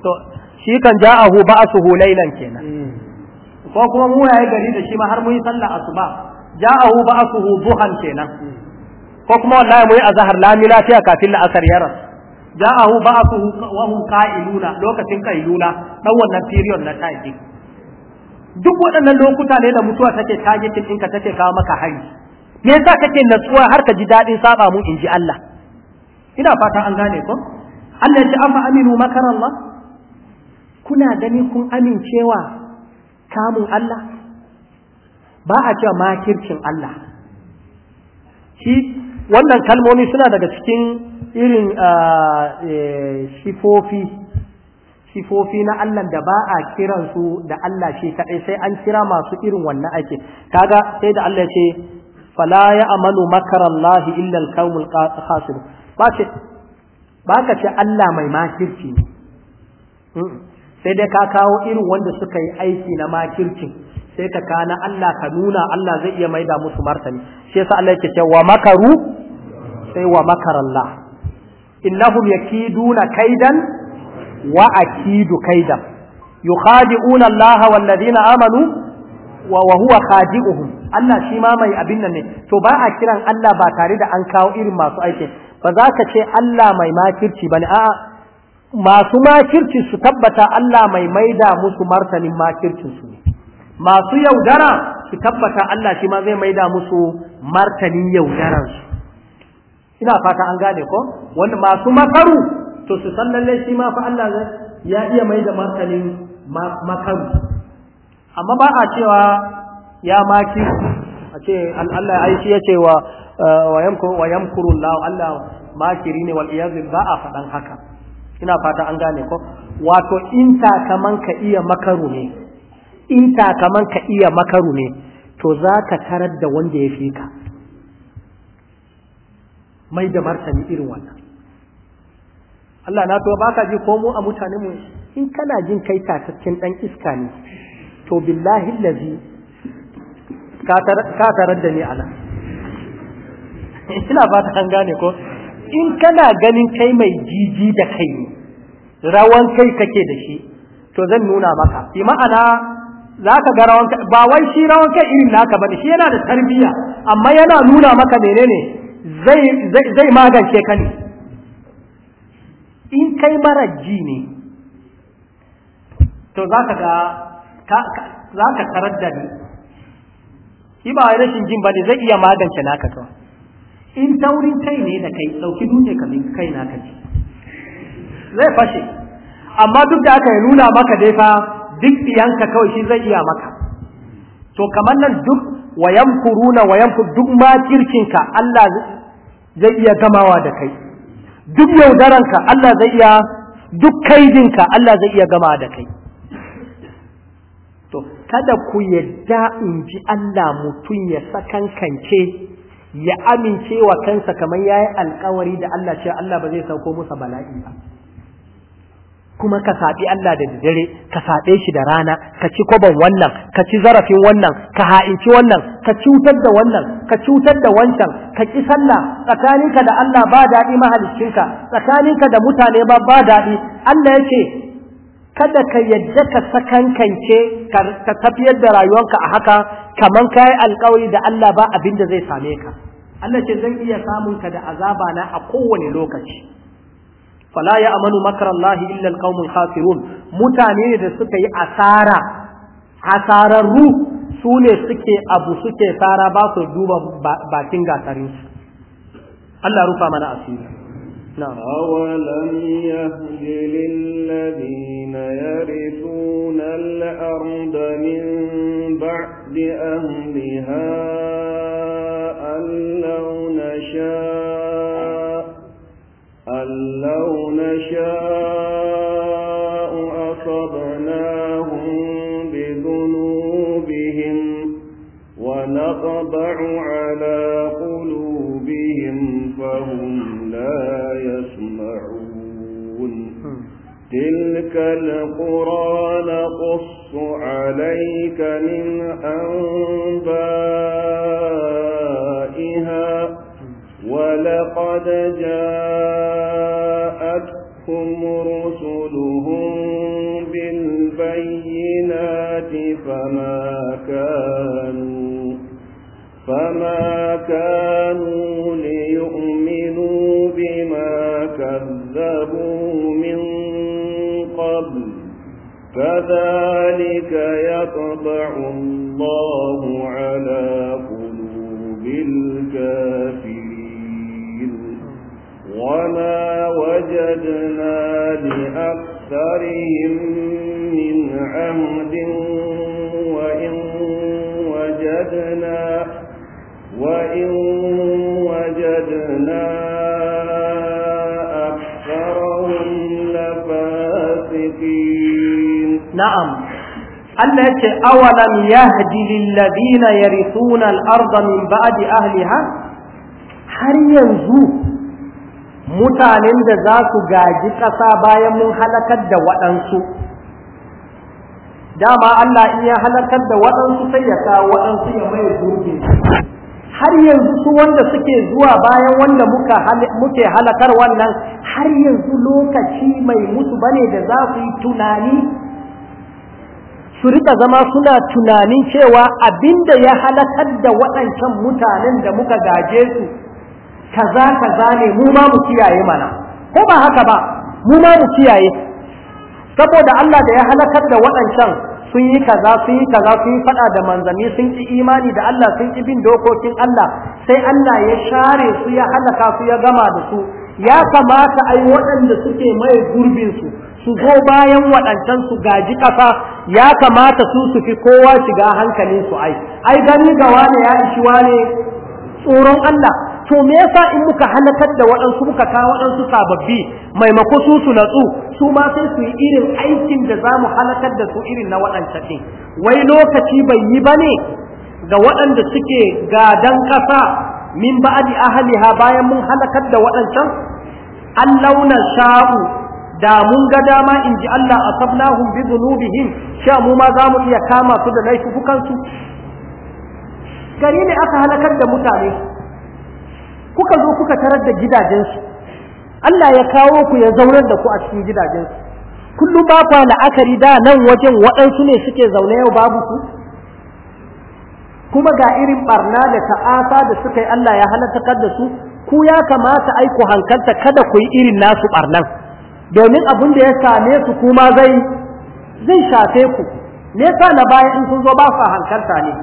to shi kan ja'ahu ba'suhu lailan kenan ko kuma mu yayi gari da shi ma har mu yi sallah asuba ja'ahu ba'athuhu duhan kenan ko kuma wallahi mu yi azhar la mila kafin la'asar ya yara ja'ahu ba'athuhu wa hum qa'iluna lokacin qailuna dan wannan period na tafi duk waɗannan lokuta ne da mutuwa take targeting ɗinka take kawo maka hari me yasa kake natsuwa har ka ji daɗin saba mu in ji Allah ina fata an gane ko Allah ya ce amma aminu makarallah kuna gani kun amincewa kamun Allah ba a cewa makircin Allah shi wannan kalmomi suna daga cikin irin ah, eh, sifofi sifofi na Allah da ba a kiransu da Allah shi kaɗai sai an kira masu irin wannan ake kaga sai da Allah ce fala ya amanu Allah illa alqaumul khasir ba ce ba ka ce Allah mai makirci ne sai dai ka kawo irin wanda suka yi aiki na makirci sai ka kana Allah ka nuna Allah zai iya maida musu martani shi yasa Allah yake cewa makaru sai wa makarallah innahum yakiduna kaidan wa akidu kaidan yukhadi'una Allah wal ladina amanu wa huwa khadi'uhum Allah shi ma mai abin nan ne to ba a kiran Allah ba tare da an kawo irin masu aikin ba za ka ce Allah mai makirci bane a'a masu makirci su tabbata Allah mai maida musu martanin makircin su masu yaudara su tabbata Allah shi ma zai maida musu martanin yaudaran su ina fata an gane ko wanda masu makaru to su san lalle shi ma fa Allah zai ya iya maida martanin makaru amma ba a cewa ya maki a ce Allah ya aishi ya ce wa eh, wa yamkuru Allah Allah makiri ne wal iyaz ba a fadan haka ina fata an gane ko wato in takaman ka iya makaru ne in takaman ka iya makaru ne to za ka tarar da wanda ya fi ka mai da martani irin wannan Allah na to baka ji ko mu a mutane mu in kana jin kai takakken dan iska ne to billahi allazi ka tarar da ni ana ina fata an gane ko in kana ganin kai mai jiji da kai ne rawan kai kake da shi to zan nuna maka bi ma'ana za ka ga rawan kai ba wai shi rawan kai irin naka ne, shi yana da tarbiyya amma yana nuna maka menene ne, zai magance ka ne in kai mara ji ne to za ka ga za ka tarar da ni shi ba rashin jin ba ne, zai iya magance naka kawai in taurin kai ne da kai dauki dutse ka kai na kai. zai fashe amma duk da aka yi nuna maka dai fa duk biyanka kawai shi zai iya maka to kamar nan duk wayamkuruna wayamku duk ma kirkinka Allah zai iya gamawa da kai duk yaudaranka Allah zai iya duk kaidinka Allah zai iya gamawa da kai to kada ku yadda in ji Allah mutum ya sakankance ya amincewa kansa kamar yayi alkawari da Allah cewa Allah ba zai sauko masa bala'i ba kuma ka saɓi Allah da dare ka saɓe shi da rana ka ci kwaban wannan ka ci zarafin wannan ka ha'inci wannan ka cutar da wannan ka cutar da wancan ka ki sallah tsakaninka da Allah ba daɗi mahaliccinka tsakaninka da mutane ba ba daɗi Allah ya ce kada ka yadda ka sakankance ka tafiyar da rayuwanka a haka kamar kai alƙawari da Allah ba abin da zai same ka Allah ce zan iya samun ka da azaba na a kowane lokaci fala ya amanu makarallahi illa alqaumul khasirun mutane da suka yi asara asararru su ne suke abu suke tsara ba su duba bakin gasarinsu Allah rufa mana asiri نعم أولم يهد للذين يرثون الأرض من بعد أهلها أن لو نشاء أن لو نشاء أصبناهم بذنوبهم ونطبع على قلوبهم يسمعون تلك القرى نقص عليك من أنبائها ولقد جاءتهم رسلهم بالبينات فما كانوا فما كانوا كذلك يطبع الله على قلوب الكافرين وما وجدنا لأكثرهم من عهد وإن وجدنا وإن na'am Allah ya ce awalam yahdi lil ladina yarithuna al-ardha min ba'di ahliha har yanzu mutanen da za su gaji ƙasa bayan mun halakar da waɗansu dama Allah in ya halakar da waɗansu sai ya kawo waɗansu ya mai gurbin har yanzu su wanda suke zuwa bayan wanda muka muke halakar wannan har yanzu lokaci mai mutu bane da za su yi tunani su rika zama suna tunanin cewa abinda ya halakar da waɗancan mutanen da muka gaje su kaza kaza ne mu ma mu kiyaye mana ko ba haka ba mu ma mu kiyaye saboda Allah da ya halakar da waɗancan sun yi kaza sun yi kaza sun yi faɗa da manzanni sun ki imani da Allah sun ki bin dokokin Allah sai Allah ya share su ya halaka su ya gama da su ya kamata ai waɗanda suke mai gurbin su su zo bayan waɗancan su gaji ƙasa ya kamata su su fi kowa shiga hankalin su ai ai gani ga wane ya ishi wane tsoron Allah to me yasa in muka halakar da waɗansu muka kawo waɗansu sababbi maimako su su natsu su ma sai su yi irin aikin da za mu halakar da su irin na waɗancan ɗin wai lokaci bai yi ba ne ga waɗanda suke gadan ƙasa min ba'adi ahliha bayan mun halakar da waɗancan an launa sha'u da mun ga dama in ji Allah a asabnahum bi dhunubihim sha mu ma za mu iya kama su da laifukan su gari ne aka halakar da mutane kuka zo kuka tarar da gidajensu Allah ya kawo ku ya zaunar da ku a cikin gidajensu kullum ba kwa la'akari da nan wajen waɗansu ne suke zaune yau babu ku? kuma ga irin ɓarna da ta'asa da suka yi Allah ya halakar da su ku ya kamata aiku hankalta kada ku yi irin nasu barnan domin abin da ya same su kuma zai zai shafe ku me sa na baya in sun zo ba su hankalta ne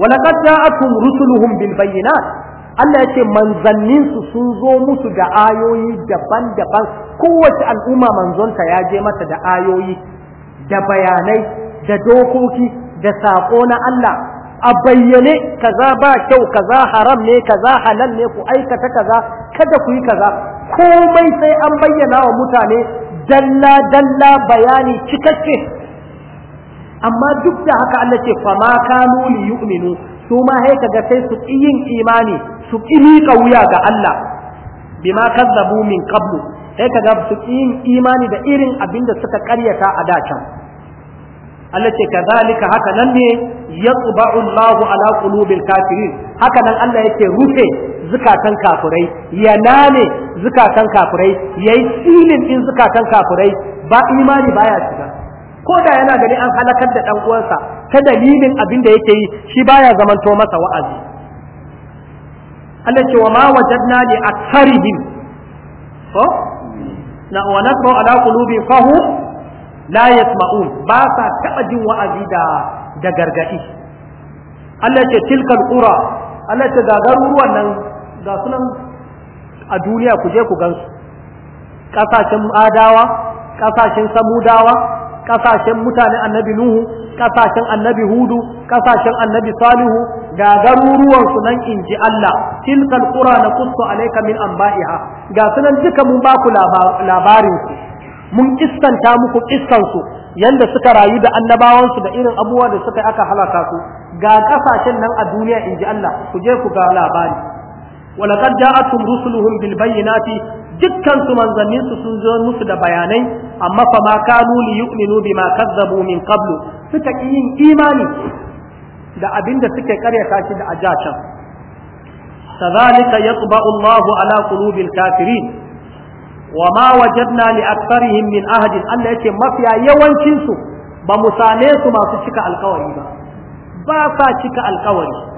walaqad ja'akum rusuluhum bil bayyinat Allah ya ce manzannin su sun zo musu da ayoyi daban-daban kowace al'umma manzonta ya je mata da ayoyi da bayanai da dokoki da saƙo na Allah a bayyane kaza ba kyau kaza haram ne kaza halal ne ku aikata kaza kada ku yi kaza komai sai an bayyana wa mutane dalla dalla bayani cikakke amma duk da haka Allah ce fa ma kanu li yu'minu su ma sai kaga sai su yin imani su miƙa wuya ga Allah bima kazzabu min qablu sai kaga su yin imani da irin abinda suka karyata a dacan Allah ce kazalika haka nan ne yatba'u Allahu ala qulubil kafirin haka nan Allah yake rufe zukatan kafurai ya nane zukatan ya yayi silin in zukatan kafurai ba imani ba ya shiga ko da yana gani an halakar da ɗan uwansa ta dalilin abin da yake yi shi ba baya zamanto masa wa'azi Allah ce wa ma ne a tsaribin ko na wa nakru ala qulubi fahu la yasma'un ba sa taɓa jin wa'azi da da gargadi Allah ce tilkal ƙura Allah ce ga garuruwan nan ga sunan a duniya ku je ku gansu ƙasashen adawa ƙasashen samudawa ƙasashen mutane annabi nuhu ƙasashen annabi hudu kasashen annabi salihu ga garuruwan su nan in ji Allah tilkal qura na qussu alayka min anba'iha ga sunan duka mun baku labarin su mun kistanta muku kistan su yanda suka rayu da annabawansu da irin abubuwa da suka aka halaka su ga ƙasashen nan a duniya in ji Allah ku je ku ga labari walaqad ja'atkum rusuluhum bil bayyinati dukkan su manzannin su sun zo musu da bayanai amma fa ma kanu li yu'minu bima kazzabu min qablu suka yin imani da abinda suke karya shi da ajacan kadhalika yatba'u Allahu ala qulubil kafirin wa ma wajadna li aktharihim min ahadin Allah yace mafiya yawancin su ba mu same su masu cika alkawari ba ba sa cika alkawari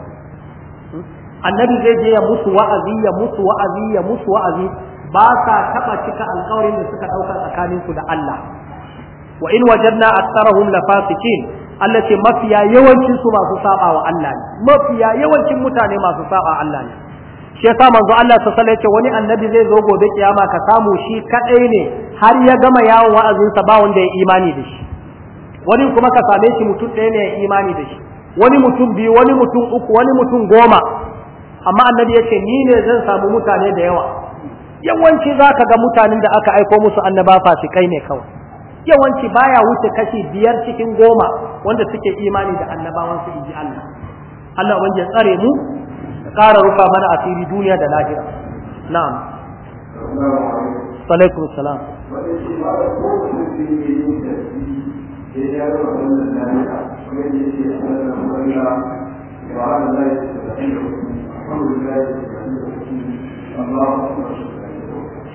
annabi zai je ya musu wa'azi ya musu wa'azi ya musu wa'azi ba sa taba cika alƙawarin da suka ɗauka tsakanin su da Allah wa in wajadna aktsarahum lafasikin Allah ce mafiya yawancin su masu saba wa Allah ne mafiya yawancin mutane masu saba Allah ne shi yasa manzo Allah ta sallai ce wani annabi zai zo gobe kiyama ka samu shi kadai ne har ya gama yawon wa'azinsa ba wanda ya imani da shi wani kuma ka same shi mutum ɗaya ne ya imani da shi wani mutum biyu wani mutum uku wani mutum goma amma annabi ya ce ni ne zan samu mutane da yawa yawanci za ka ga mutanen da aka aiko musu annaba fasikai ne kawai yawanci baya wuce kashi biyar cikin goma wanda suke imani da annabawan su inji Allah Allah wanda ya tsare mu ƙara rufa mana asiri duniya da lahira na'am alaikum salam وعلى الله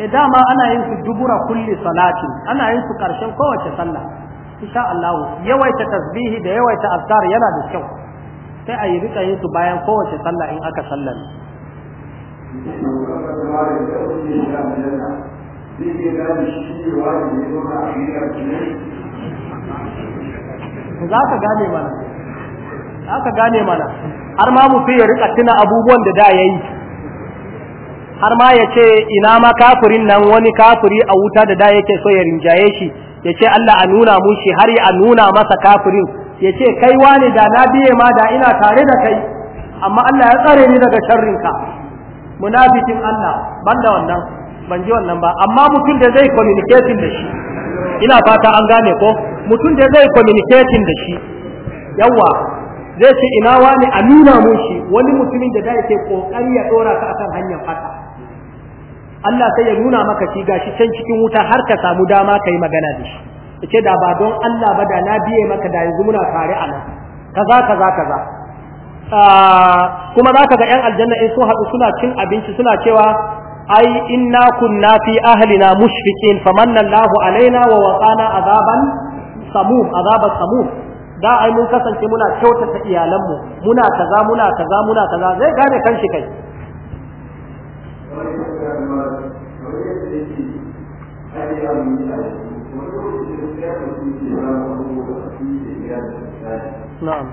e dama ana yin su dubura kulle salatin ana yin su karshen kowace sallah insha Allah yawaita tasbihi da yawaita azkar yana da kyau sai a yi rika yin su bayan kowace sallah in aka sallame za ka gane mana aka gane mana har ma mutum ya rika tuna abubuwan da da ya yi har ma ya ce ina ma kafirin nan wani kafiri a wuta da da yake so ya rinjaye shi ya ce Allah a nuna mun shi har ya nuna masa kafirin ya ce kai wani da na biye ma da ina tare da kai amma Allah ya tsare ni daga sharrinka munafikin Allah banda wannan ban ji wannan ba amma mutum da zai communicating da shi ina fata an gane ko mutum da zai communicating da shi yawa zai ce ina ne a nuna mun shi wani mutumin da zai ke kokari ya dora ka akan hanyar fata Allah sai ya nuna maka shi gashi can cikin wuta har ka samu dama kai magana da shi yace da ba don Allah ba da na biye maka da yanzu muna tare a nan kaza kaza kaza ah, kuma zaka ga yan aljanna in sun haɗu suna cin abinci suna cewa ai inna kunna fi ahlina mushfiqin famanna Allahu alaina wa waqana azaban samum azaba samum da ai mun kasance muna kyautata iyalanmu muna kaza muna kaza muna kaza zai gane kanshi kai نعم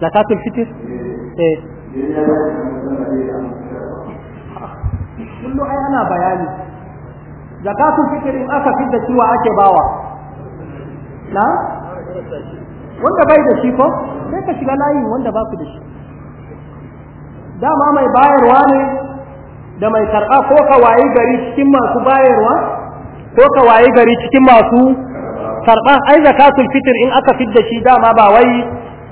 زكاة الفطر؟ kullu yana bayani zakatu fitr in aka fitta ciwa ake bawa na wanda bai da shi ko sai ka shiga layin wanda ba ku da shi dama mai bayarwa ne da mai karɓa ko ka wayi gari cikin masu bayarwa ko ka wayi gari cikin masu karɓa ai zakatul fitr in aka fidda shi dama ba wai